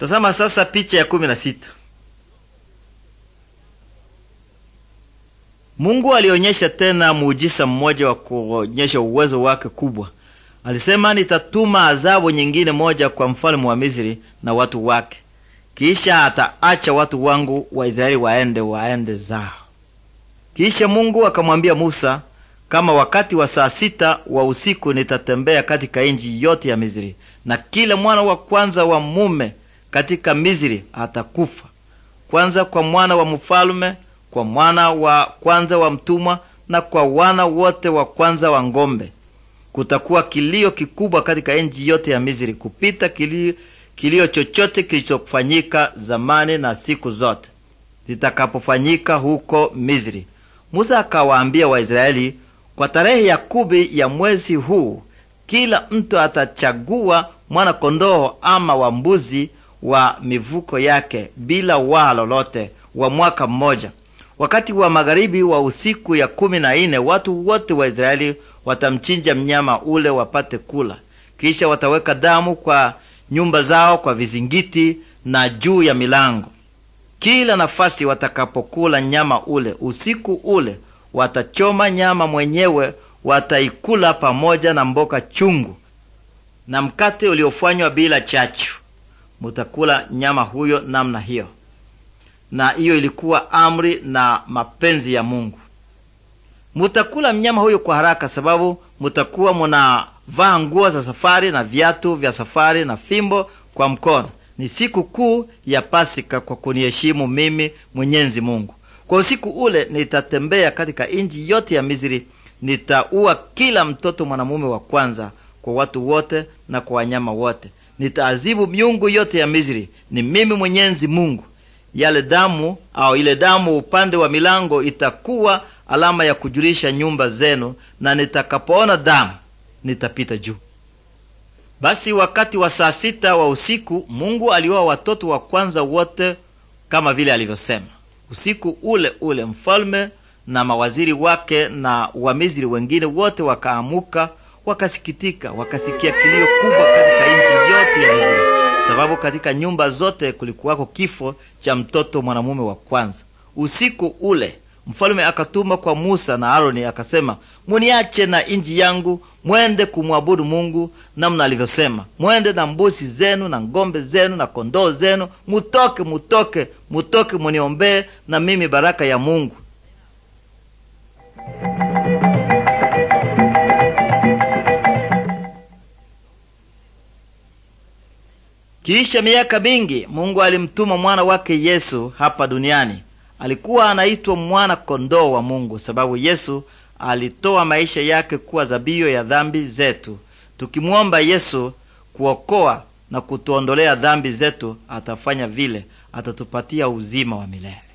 Tazama sasa picha ya kumi na sita. Mungu alionyesha tena muujisa mmoja wa kuonyesha uwezo wake kubwa. Alisema, nitatuma adhabu nyingine moja kwa mfalme wa Misri na watu wake, kisha ataacha watu wangu Waisraeli waende waende zao. Kisha Mungu akamwambia Musa, kama wakati wa saa sita wa usiku nitatembea katika nchi yote ya Misri, na kila mwana wa kwanza wa mume katika Misri atakufa, kwanza kwa mwana wa mfalume, kwa mwana wa kwanza wa mtumwa, na kwa wana wote wa kwanza wa ng'ombe. Kutakuwa kilio kikubwa katika nchi yote ya Misri kupita kilio, kilio chochote kilichofanyika zamani na siku zote zitakapofanyika huko Misri. Musa akawaambia Waisraeli, kwa tarehe ya kumi ya mwezi huu kila mtu atachagua mwana kondoo ama wa mbuzi wa mivuko yake bila waa lolote wa mwaka mmoja. Wakati wa magharibi wa usiku ya kumi na nne watu wote wa Israeli watamchinja mnyama ule wapate kula. Kisha wataweka damu kwa nyumba zao, kwa vizingiti na juu ya milango. Kila nafasi watakapokula nyama ule usiku ule, watachoma nyama mwenyewe, wataikula pamoja na mboka chungu na mkate uliofanywa bila chachu mutakula nyama huyo namna hiyo. Na hiyo ilikuwa amri na mapenzi ya Mungu. Mutakula mnyama huyo kwa haraka, sababu mutakuwa munavaa nguo za safari na viatu vya safari na fimbo kwa mkono. Ni siku kuu ya Pasika kwa kuniheshimu mimi Mwenyezi Mungu. Kwa usiku ule nitatembea katika inji yote ya Misri, nitaua kila mtoto mwanamume wa kwanza kwa watu wote na kwa wanyama wote nitaazibu miungu yote ya Misri. Ni mimi Mwenyezi Mungu. Yale damu au ile damu upande wa milango itakuwa alama ya kujulisha nyumba zenu, na nitakapoona damu nitapita juu. Basi wakati wa saa sita wa usiku Mungu alioa watoto wa kwanza wote kama vile alivyosema. Usiku ule ule mfalme na mawaziri wake na Wamisri wengine wote wakaamuka, wakasikitika, wakasikia kilio kubwa kati yote ya Misri, sababu katika nyumba zote kulikuwako kifo cha mtoto mwanamume wa kwanza. Usiku ule mfalume akatuma kwa Musa na Aroni akasema, muniache na inji yangu mwende kumwabudu Mungu namna alivyosema. Mwende na mbusi zenu na ng'ombe zenu na kondoo zenu, mutoke, mutoke, mutoke muniombee na mimi baraka ya Mungu. Kisha miaka mingi Mungu alimtuma mwana wake Yesu hapa duniani. Alikuwa anaitwa mwana kondoo wa Mungu sababu Yesu alitoa maisha yake kuwa zabio ya dhambi zetu. Tukimwomba Yesu kuokoa na kutuondolea dhambi zetu, atafanya vile, atatupatia uzima wa milele.